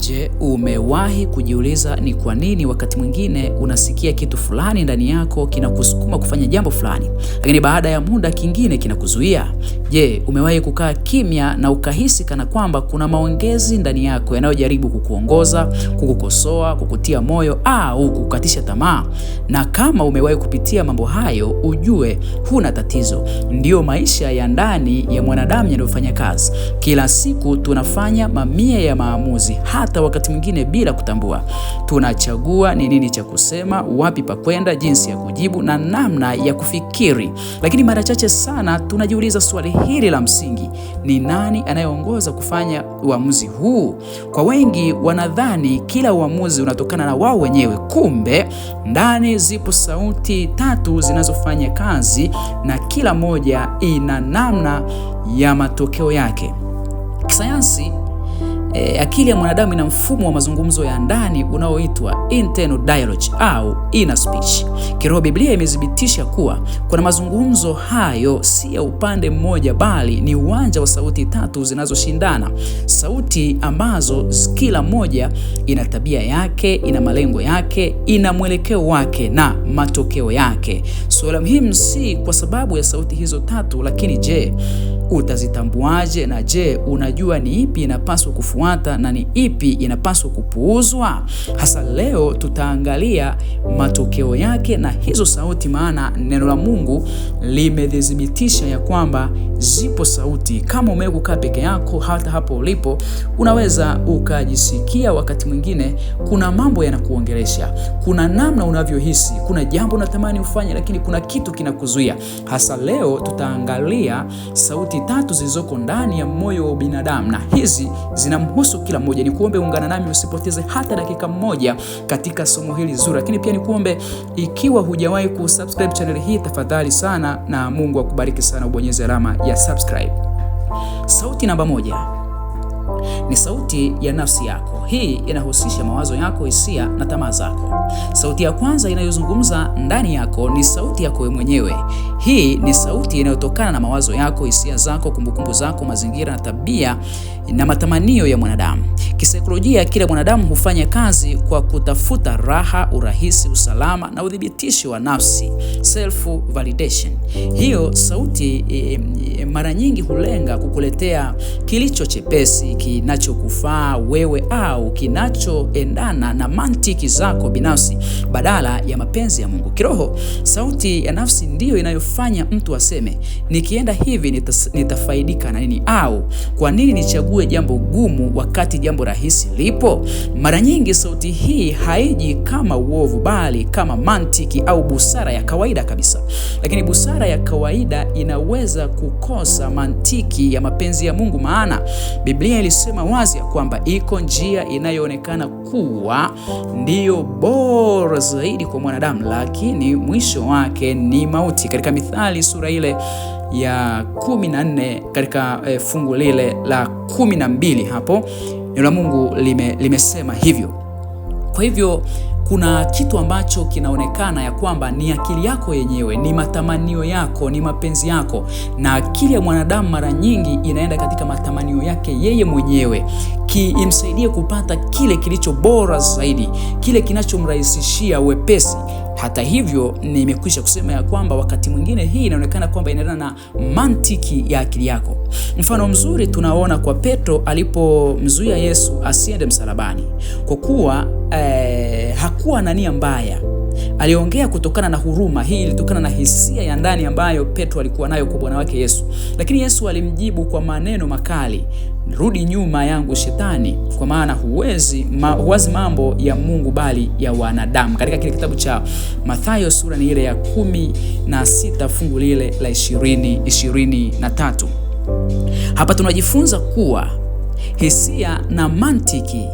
Je, umewahi kujiuliza ni kwa nini wakati mwingine unasikia kitu fulani ndani yako kinakusukuma kufanya jambo fulani, lakini baada ya muda kingine kinakuzuia? Je, umewahi kukaa kimya na ukahisi kana kwamba kuna maongezi ndani yako yanayojaribu kukuongoza, kukukosoa, kukutia moyo au kukatisha tamaa? Na kama umewahi kupitia mambo hayo, ujue huna tatizo. Ndiyo maisha ya ndani ya mwanadamu yanayofanya kazi. Kila siku tunafanya mamia ya maamuzi hata hata wakati mwingine bila kutambua. Tunachagua ni nini cha kusema, wapi pa kwenda, jinsi ya kujibu na namna ya kufikiri, lakini mara chache sana tunajiuliza swali hili la msingi: ni nani anayeongoza kufanya uamuzi huu? Kwa wengi, wanadhani kila uamuzi unatokana na wao wenyewe. Kumbe ndani zipo sauti tatu zinazofanya kazi na kila moja ina namna ya matokeo yake. Kisayansi E, akili ya mwanadamu ina mfumo wa mazungumzo ya ndani unaoitwa internal dialogue au inner speech. Kiroho, Biblia imethibitisha kuwa kuna mazungumzo hayo si ya upande mmoja, bali ni uwanja wa sauti tatu zinazoshindana, sauti ambazo kila moja ina tabia yake, ina malengo yake, ina mwelekeo wake na matokeo yake. Suala muhimu si kwa sababu ya sauti hizo tatu, lakini je, utazitambuaje? Na je, unajua ni ipi inapaswa kufu inayofuata na ni ipi inapaswa kupuuzwa? Hasa leo tutaangalia matokeo yake na hizo sauti, maana neno la Mungu limedhibitisha ya kwamba zipo sauti. Kama umewe kukaa peke yako, hata hapo ulipo, unaweza ukajisikia wakati mwingine kuna mambo yanakuongelesha, kuna namna unavyohisi, kuna jambo unatamani ufanye, lakini kuna kitu kinakuzuia. Hasa leo tutaangalia sauti tatu zilizoko ndani ya moyo wa binadamu, na hizi zinamhusu kila mmoja. Ni kuombe ungana nami, usipoteze hata dakika moja katika somo hili zuri, lakini pia ni kuombe ikiwa hujawahi kusubscribe channel hii, tafadhali sana, na Mungu akubariki sana, ubonyeze alama ya subscribe. Sauti namba moja ni sauti ya nafsi yako. Hii inahusisha mawazo yako, hisia na tamaa zako. Sauti ya kwanza inayozungumza ndani yako ni sauti yako wewe mwenyewe. Hii ni sauti inayotokana na mawazo yako, hisia zako, kumbukumbu zako, mazingira na tabia na matamanio ya mwanadamu. Kisaikolojia, kila mwanadamu hufanya kazi kwa kutafuta raha, urahisi, usalama na udhibitishi wa nafsi, self validation. Hiyo sauti e, e, mara nyingi hulenga kukuletea kilicho chepesi ki kinachokufaa wewe au kinachoendana na mantiki zako binafsi badala ya mapenzi ya Mungu. Kiroho, sauti ya nafsi ndiyo inayofanya mtu aseme, nikienda hivi nitas, nitafaidika na nini? Au kwa nini nichague jambo gumu wakati jambo rahisi lipo? Mara nyingi sauti hii haiji kama uovu, bali kama mantiki au busara ya kawaida kabisa. Lakini busara ya kawaida inaweza kukosa mantiki ya mapenzi ya Mungu, maana Biblia ilisema anasema wazi ya kwamba iko njia inayoonekana kuwa ndiyo bora zaidi kwa mwanadamu, lakini mwisho wake ni mauti. Katika Mithali sura ile ya 14 katika e, fungu lile la 12 hapo neno la Mungu lime, limesema hivyo. Kwa hivyo kuna kitu ambacho kinaonekana ya kwamba ni akili yako yenyewe, ni matamanio yako, ni mapenzi yako. Na akili ya mwanadamu mara nyingi inaenda katika matamanio yake yeye mwenyewe, kiimsaidie kupata kile kilicho bora zaidi, kile kinachomrahisishia wepesi hata hivyo, nimekwisha kusema ya kwamba wakati mwingine hii inaonekana kwamba inaendana na mantiki ya akili yako. Mfano mzuri tunaona kwa Petro alipomzuia Yesu asiende msalabani kwa kuwa eh, hakuwa na nia mbaya aliongea kutokana na huruma. Hii ilitokana na hisia ya ndani ambayo Petro alikuwa nayo kwa bwana wake Yesu, lakini Yesu alimjibu kwa maneno makali rudi nyuma yangu shetani, kwa maana huwezi ma, huwazi mambo ya Mungu bali ya wanadamu. Katika kile kitabu cha Mathayo sura ni ile ya kumi na sita fungu lile la ishirini ishirini na tatu. Hapa tunajifunza kuwa hisia na mantiki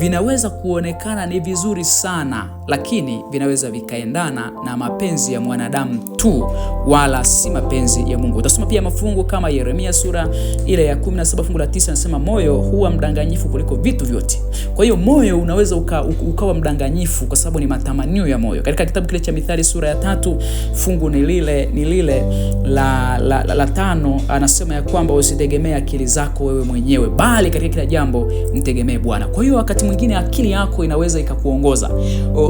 vinaweza kuonekana ni vizuri sana, lakini vinaweza vikaendana na mapenzi ya mwanadamu tu, wala si mapenzi ya Mungu. Utasoma pia mafungu kama Yeremia sura ile ya 17 fungu la 9, anasema moyo huwa mdanganyifu kuliko vitu vyote. Kwa hiyo moyo unaweza uka, ukawa mdanganyifu kwa sababu ni matamanio ya moyo. Katika kitabu kile cha Mithali sura ya tatu fungu ni lile ni lile la, la, la, la tano, anasema ya kwamba usitegemee akili zako wewe mwenyewe, bali katika kila jambo mtegemee Bwana. Kwa hiyo wakati mwingine akili yako inaweza ikakuongoza,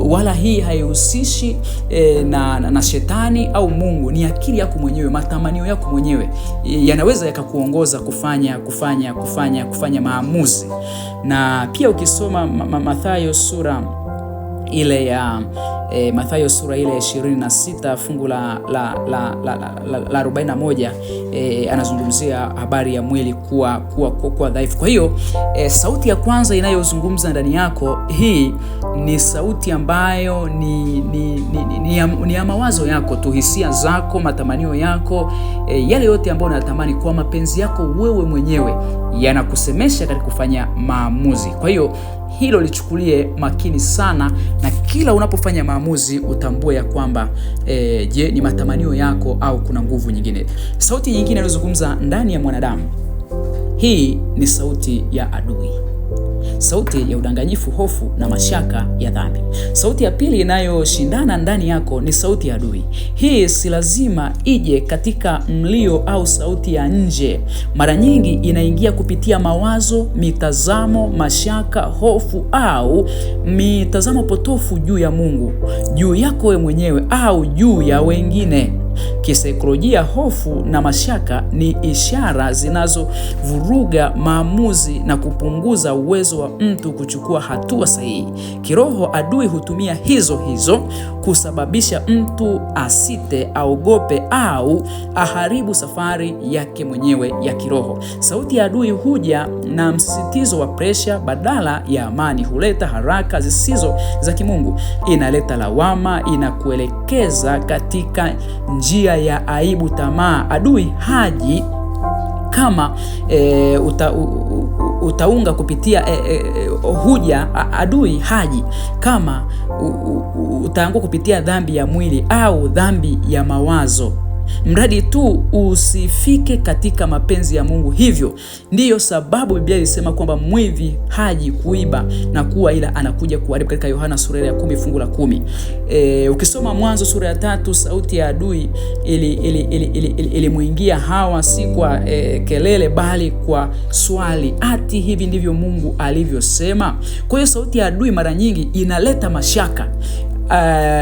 wala hii haihusishi e, na, na, na shetani au Mungu. Ni akili yako mwenyewe, matamanio yako mwenyewe e, yanaweza yakakuongoza kufanya kufanya kufanya kufanya maamuzi. Na pia ukisoma Mathayo sura ile ya e, Mathayo sura ile 26 fungu la la la, la, la, la 41 e, eh, anazungumzia habari ya mwili kuwa kuwa kuwa dhaifu. Kwa hiyo e, sauti ya kwanza inayozungumza ndani yako hii ni sauti ambayo ni, ni, ni, ni, ni, ya, ni ya mawazo yako tu, hisia zako, matamanio yako e, yale yote ambayo unatamani kwa mapenzi yako wewe mwenyewe yanakusemesha katika kufanya maamuzi. Kwa hiyo hilo lichukulie makini sana, na kila unapofanya maamuzi utambue ya kwamba e, je, ni matamanio yako au kuna nguvu nyingine? Sauti nyingine inayozungumza ndani ya mwanadamu, hii ni sauti ya adui sauti ya udanganyifu, hofu na mashaka ya dhambi. Sauti ya pili inayoshindana ndani yako ni sauti ya adui. Hii si lazima ije katika mlio au sauti ya nje. Mara nyingi inaingia kupitia mawazo, mitazamo, mashaka, hofu au mitazamo potofu juu ya Mungu, juu yako wewe mwenyewe au juu ya wengine. Kisaikolojia, hofu na mashaka ni ishara zinazovuruga maamuzi na kupunguza uwezo wa mtu kuchukua hatua sahihi. Kiroho, adui hutumia hizo hizo kusababisha mtu asite, aogope au aharibu safari yake mwenyewe ya kiroho. Sauti ya adui huja na msisitizo wa presha badala ya amani, huleta haraka zisizo za kimungu, inaleta lawama, inakuelekeza katika njia njia ya aibu, tamaa. Adui haji kama e, uta, u, u, utaunga kupitia e, e, e hoja. Adui haji kama utaangua kupitia dhambi ya mwili au dhambi ya mawazo mradi tu usifike katika mapenzi ya Mungu. Hivyo ndiyo sababu Biblia ilisema kwamba mwivi haji kuiba na kuwa, ila anakuja kuharibu, katika Yohana sura ya kumi fungu la kumi. E, ukisoma Mwanzo sura ya tatu, sauti ya adui ilimuingia Hawa si kwa e, kelele bali kwa swali, ati hivi ndivyo Mungu alivyosema. Kwa hiyo sauti ya adui mara nyingi inaleta mashaka Uh,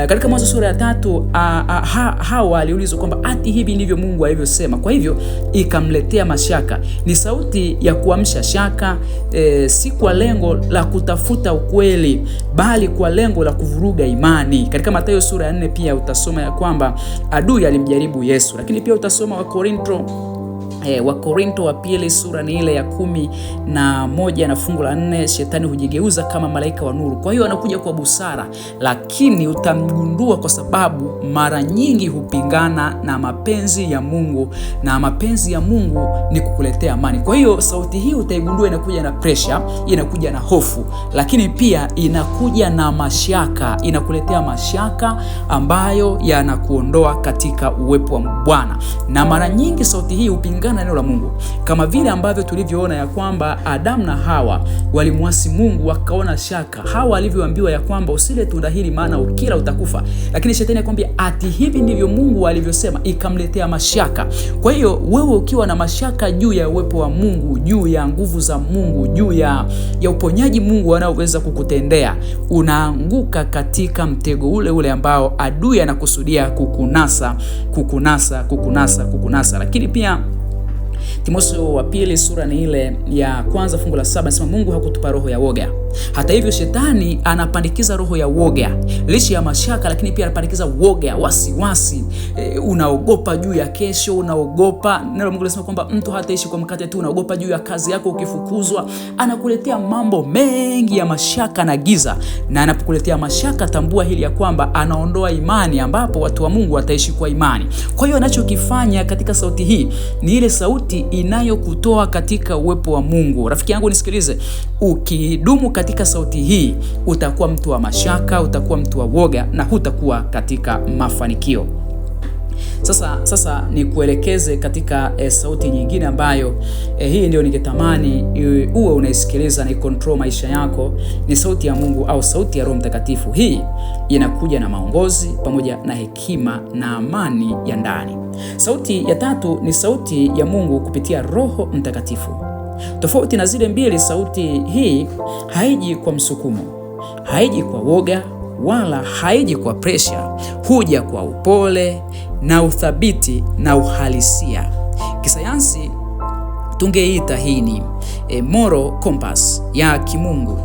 katika Mwanzo sura ya tatu uh, uh, ha, Hawa aliulizwa kwamba ati hivi ndivyo Mungu alivyosema. Kwa hivyo ikamletea mashaka. Ni sauti ya kuamsha shaka eh, si kwa lengo la kutafuta ukweli, bali kwa lengo la kuvuruga imani. Katika matayo sura ya nne pia utasoma ya kwamba adui alimjaribu Yesu, lakini pia utasoma Wakorintho E, Wakorinto wa pili sura ni ile ya kumi na moja na fungu la nne, shetani hujigeuza kama malaika wa nuru. Kwa hiyo anakuja kwa busara, lakini utamgundua kwa sababu mara nyingi hupingana na mapenzi ya Mungu, na mapenzi ya Mungu ni kukuletea amani. Kwa hiyo sauti hii utaigundua inakuja na pressure, inakuja na hofu, lakini pia inakuja na mashaka, inakuletea mashaka ambayo yanakuondoa katika uwepo wa Bwana, na mara nyingi sauti hii hupingana kulingana na neno la Mungu, kama vile ambavyo tulivyoona ya kwamba Adamu na Hawa walimwasi Mungu wakaona shaka. Hawa alivyoambiwa ya kwamba usile tunda hili, maana ukila utakufa, lakini shetani akwambia ati hivi ndivyo Mungu alivyosema, ikamletea mashaka. Kwa hiyo wewe ukiwa na mashaka juu ya uwepo wa Mungu, juu ya nguvu za Mungu, juu ya, ya uponyaji Mungu anaoweza kukutendea, unaanguka katika mtego ule ule ambao adui anakusudia kukunasa, kukunasa, kukunasa, kukunasa, lakini pia Timotheo wa pili sura ni ile ya kwanza fungu la saba anasema Mungu hakutupa roho ya woga. Hata hivyo, shetani anapandikiza roho ya woga licha ya mashaka, lakini pia anapandikiza woga, wasiwasi. E, unaogopa juu ya kesho, unaogopa neno. Mungu anasema kwamba mtu hataishi kwa mkate tu. Unaogopa juu ya kazi yako, ukifukuzwa. Anakuletea mambo mengi ya mashaka na giza, na anapokuletea mashaka, tambua hili ya kwamba anaondoa imani, ambapo watu wa Mungu wataishi kwa imani. Kwa hiyo anachokifanya katika sauti hii ni ile sauti inayokutoa katika uwepo wa Mungu. Rafiki yangu nisikilize, ukidumu katika sauti hii utakuwa mtu wa mashaka, utakuwa mtu wa woga na hutakuwa katika mafanikio. Sasa sasa nikuelekeze katika e, sauti nyingine ambayo e, hii ndio ningetamani uwe unaisikiliza, ni control maisha yako, ni sauti ya Mungu au sauti ya Roho Mtakatifu. Hii inakuja na maongozi pamoja na hekima na amani ya ndani. Sauti ya tatu ni sauti ya Mungu kupitia Roho Mtakatifu. Tofauti na zile mbili, sauti hii haiji kwa msukumo, haiji kwa woga wala haiji kwa presha, huja kwa upole na uthabiti na uhalisia. Kisayansi tungeita hii ni e, moral compass ya kimungu.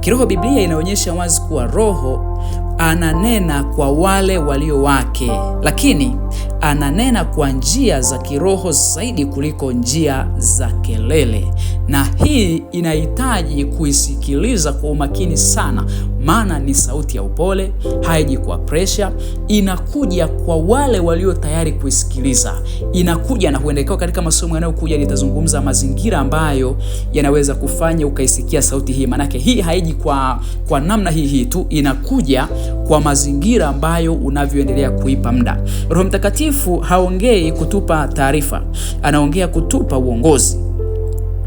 Kiroho, Biblia inaonyesha wazi kuwa Roho ananena kwa wale walio wake, lakini ananena kwa njia za kiroho zaidi kuliko njia za kelele, na hii inahitaji kuisikiliza kwa umakini sana, maana ni sauti ya upole, haiji kwa presha, inakuja kwa wale walio tayari kuisikiliza. Inakuja na huendekewa. Katika masomo yanayokuja nitazungumza mazingira ambayo yanaweza kufanya ukaisikia sauti hii, maanake hii haiji kwa, kwa namna hii hii tu, inakuja kwa mazingira ambayo unavyoendelea kuipa muda. Roho Mtakatifu haongei kutupa taarifa, anaongea kutupa uongozi.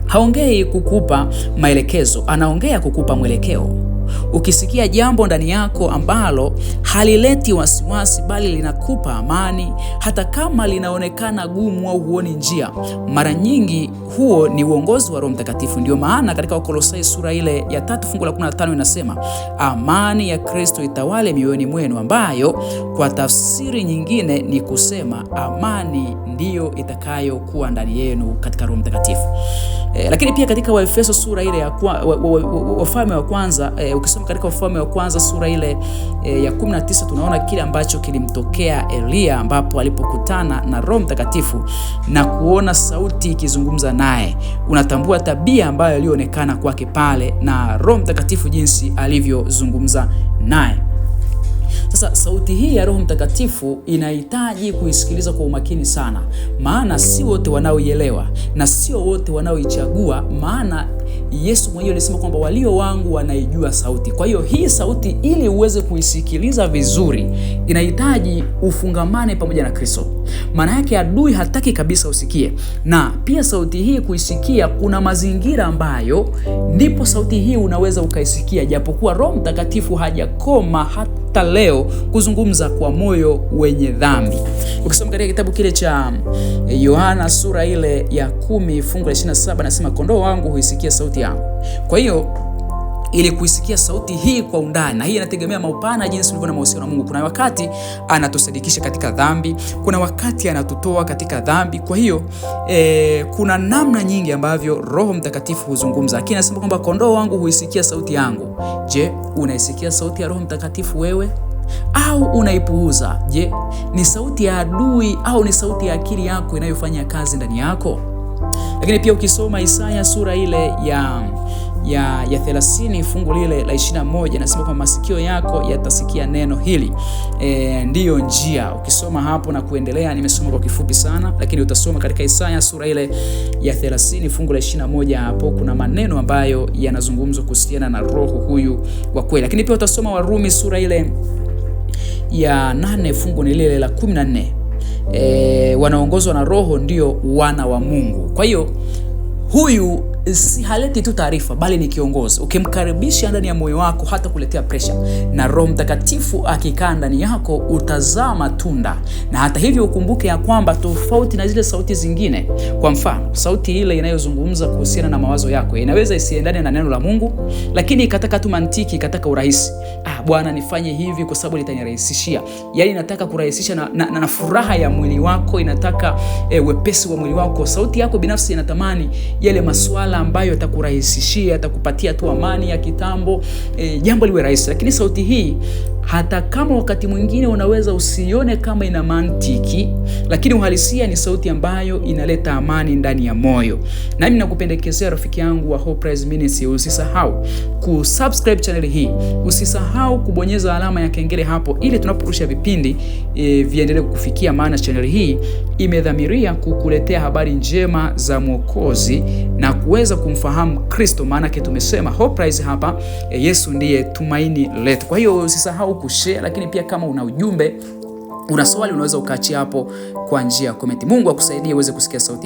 Haongei kukupa maelekezo, anaongea kukupa mwelekeo. Ukisikia jambo ndani yako ambalo halileti wasiwasi bali linakupa amani, hata kama linaonekana gumu au huoni njia, mara nyingi huo ni uongozi wa Roho Mtakatifu. Ndio maana katika Wakolosai sura ile ya tatu fungu la 15 inasema amani ya Kristo itawale mioyoni mwenu, ambayo kwa tafsiri nyingine ni kusema amani ndiyo itakayokuwa ndani yenu katika Roho Mtakatifu. E, lakini pia katika Waefeso sura ile ya Wafalme wa kwanza e, ukisoma katika Wafalme wa kwanza sura ile e, ya 19 tunaona kile ambacho kilimtokea elia ambapo alipokutana na Roho Mtakatifu na kuona sauti ikizungumza naye. Unatambua tabia ambayo ilionekana kwake pale na Roho Mtakatifu jinsi alivyozungumza naye. Sasa sauti hii ya Roho Mtakatifu inahitaji kuisikiliza kwa umakini sana, maana si wote wanaoielewa na sio wote wanaoichagua, maana Yesu mwenyewe alisema kwamba walio wangu wanaijua sauti. Kwa hiyo hii sauti ili uweze kuisikiliza vizuri inahitaji ufungamane pamoja na Kristo. Maana yake adui hataki kabisa usikie, na pia sauti hii kuisikia, kuna mazingira ambayo ndipo sauti hii unaweza ukaisikia, japokuwa Roho Mtakatifu hajakoma hata leo kuzungumza kwa moyo wenye dhambi. Ukisoma katika kitabu kile cha eh, Yohana sura ile ya kumi fungu la 27 nasema, kondoo wangu huisikia sauti yangu. Kwa hiyo ili kuisikia sauti hii kwa undani, na hii inategemea maupana jinsi ulivyo na mahusiano na Mungu. Kuna wakati anatusadikisha katika dhambi, kuna wakati anatutoa katika dhambi. Kwa hiyo e, kuna namna nyingi ambavyo Roho Mtakatifu huzungumza, lakini anasema kwamba kondoo wangu huisikia sauti yangu. Je, unaisikia sauti ya Roho Mtakatifu wewe au unaipuuza? Je, ni sauti ya adui au ni sauti ya akili yako inayofanya kazi ndani yako? Lakini pia ukisoma Isaya sura ile ya ya, ya 30 fungu lile la 21 nasema kwa masikio yako yatasikia neno hili. E, ndiyo njia. Ukisoma hapo na kuendelea, nimesoma kwa kifupi sana, lakini utasoma katika Isaya sura ile ya 30 fungu la 21, hapo kuna maneno ambayo yanazungumzwa kuhusiana na roho huyu wa kweli, lakini pia utasoma Warumi sura ile ya nane fungu ni lile la 14. E, wanaongozwa na roho ndio wana wa Mungu. Kwa hiyo huyu si haleti tu taarifa, bali ni kiongozi. Ukimkaribisha ndani ya moyo wako, hata kuletea presha, na Roho Mtakatifu akikaa ndani yako utazaa matunda. Na hata hivyo, ukumbuke ya kwamba tofauti na zile sauti zingine, kwa mfano, sauti ile inayozungumza kuhusiana na mawazo yako inaweza isiendane na neno la Mungu, lakini ikataka tu mantiki, ikataka urahisi. Ah, Bwana nifanye hivi kwa sababu litanirahisishia. yani inataka kurahisisha na, na, na furaha ya mwili wako, inataka eh, wepesi wa mwili wako. Sauti yako binafsi inatamani yale maswala masuala ambayo yatakurahisishia, yatakupatia tu amani ya kitambo, e, jambo liwe rahisi. Lakini sauti hii hata kama wakati mwingine unaweza usione kama ina mantiki, lakini uhalisia ni sauti ambayo inaleta amani ndani ya moyo. Nami nakupendekezea rafiki yangu wa Hope Prize Ministry, usisahau kusubscribe channel hii, usisahau kubonyeza alama ya kengele hapo, ili tunaporusha vipindi e, viendelee kukufikia, maana channel hii imedhamiria kukuletea habari njema za Mwokozi na kuweza kumfahamu Kristo, maanake tumesema Hope Prize hapa e, Yesu ndiye tumaini letu. Kwa hiyo usisahau kushare, lakini pia kama una ujumbe, una swali, unaweza ukaachia hapo kwa njia ya comment. Mungu akusaidie uweze kusikia sauti.